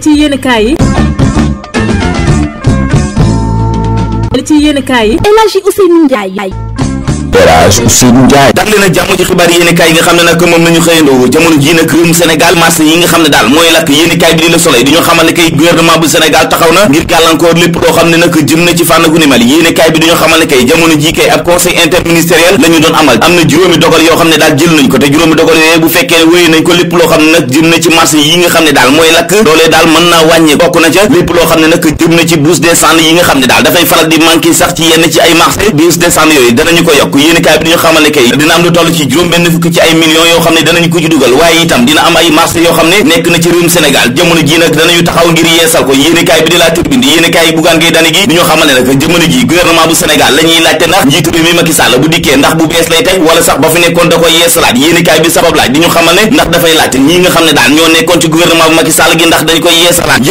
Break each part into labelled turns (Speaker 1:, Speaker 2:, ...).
Speaker 1: ci yenn kaay yi. ci yenn yi. El Elhadj Ousseynou Ndiaye dal leen ak jàmm ci xibaar yéenekaay taxaw na ngir gàllankoor lépp loo xam ne nag jëm na ci fànn gu ni mel yéenekaay bi di xamal ne kay jamono ne loo xam ne nag jëm na ci marché yi nga xam ne daal mooy lakk loolee daal mën naa wàññi bokk na ca lépp loo xam ne nag jëm na ci bourse des cendres yi nga xam ne daal dafay faral di manqué sax ci yenn ci ay marché bourse des cendres yooyu danañu ko yokk yéenekaay bi dañu xamal ne kay dina am lu toll ci juróom benn fukk ko ci ay marché yoo xam ne nekk na ci réewum Sénégal jamono gi ndax njiitu koy yeesalaat yéenekaay bi sabab laaj di ñu xamal ne ndax dafay laajte ñi nga xam ne daal ñoo nekkoon ci gouvernement bu Macky Sall ndax dañ koy yeesalaat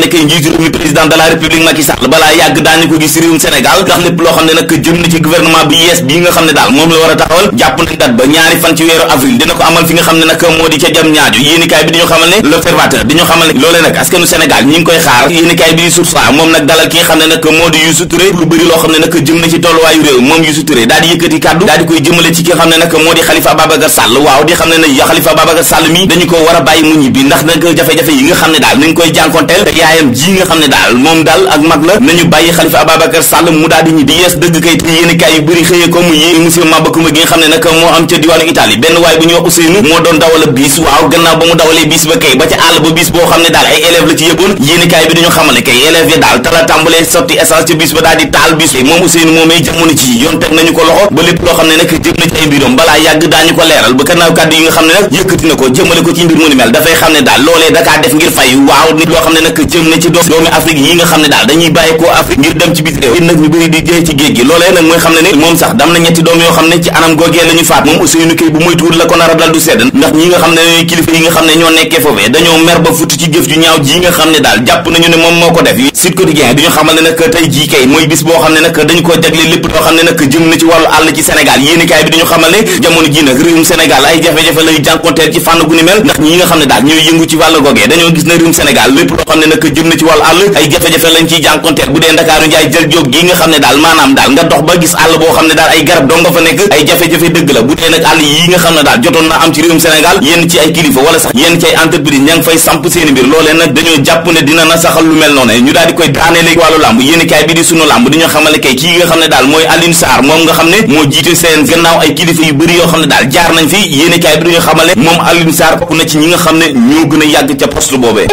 Speaker 1: ne kay njiitu réew président de la République Macky balaa yàgg daañu ko gis réewum Sénégal ndax lépp loo xam ne nag jëm na gouvernement bu yees bii nga xam ne daal moom la war a taxawal jàpp nañ dat ba ñaari fan ci weeru avril dina ko amal fi nga xam ne nag moo di ca jam ñaajo yéenikaay bi dañu xamal ne l'observateur dañu xamal ne loolee nag askanu Sénégal ñi ngi koy xaar yéenikaay bi di Source A moom nag dalal ki nga xam ne nag moo di Youssou Touré lu bëri loo xam ne nag jëm na ci tolluwaayu réew moom Youssou Touré daal di yëkkati kàddu daal di koy jëmale ci ki nga xam ne nag moo di Khalifa Babacar Sall waaw di xam ne ne Khalifa Babacar Sall mi dañu ko war a bàyyi mu ñibbi ndax nag jafe-jafe yi nga xam ne daal nañ koy jànkonteel te yaayam ji nga xam ne daal moom daal ak mag la nañu bàyyi Khalifa Babacar Sall mu daal di ñibbi yees dëgg kay yéenikaay gaay yu bëri xëyee ko mu yéen monsieur Mabacoumba gi nga xam ne nag moo am ca diwaanu Italie benn waay bu ñuy wax moo doon dawala biis waaw gannaaw ba mu dawalee biis ba kay ba ca àll ba biis boo xam ne daal ay élève ko Afrique ngir dem ci biir réew nag ñu bëri di jëy ci géej gi loolee nag mooy xam na ne moom sax dam na ñetti doom yoo xam ne ci anam googee la faat moom Ousseynou Kay bu moytuwul la ko nar a dal du sedd ndax ñi nga xam ne ñooy kilifa yi nga xam ne ñoo nekkee foofee dañoo mer ba futu ci jëf ju ñaaw ji nga xam ne daal jàpp nañu ne moom moo yëngu ci wàllu googee dañoo gis na réewum Sénégal lépp loo xam ne nag jëm na ci wàllu àll ay jafe-jafe lañ ciy jànkonteel bu dee Ndakaaru njaay jël jóg gi nga xam ne daal maanaam daal nga dox ba gis àll la boo xam ne daal ay garab dong nga fa nekk ay jafe-jafe dëgg la bu dee nag àll yi nga xam ne daal jotoon naa am ci réewum Sénégal yenn ci ay kilifa wala sax yenn ci ay ne dina na saxal lu mel noonu ne daal moom nga xam ne moo jiite seen gannaaw ay kilifa yu bëri yoo xam ne daal jaar nañ fi yéen kaay bi duñu xamale moom Alioune Sarr na ci ñi nga xam ne ñoo gën a yàgg ca poste boobee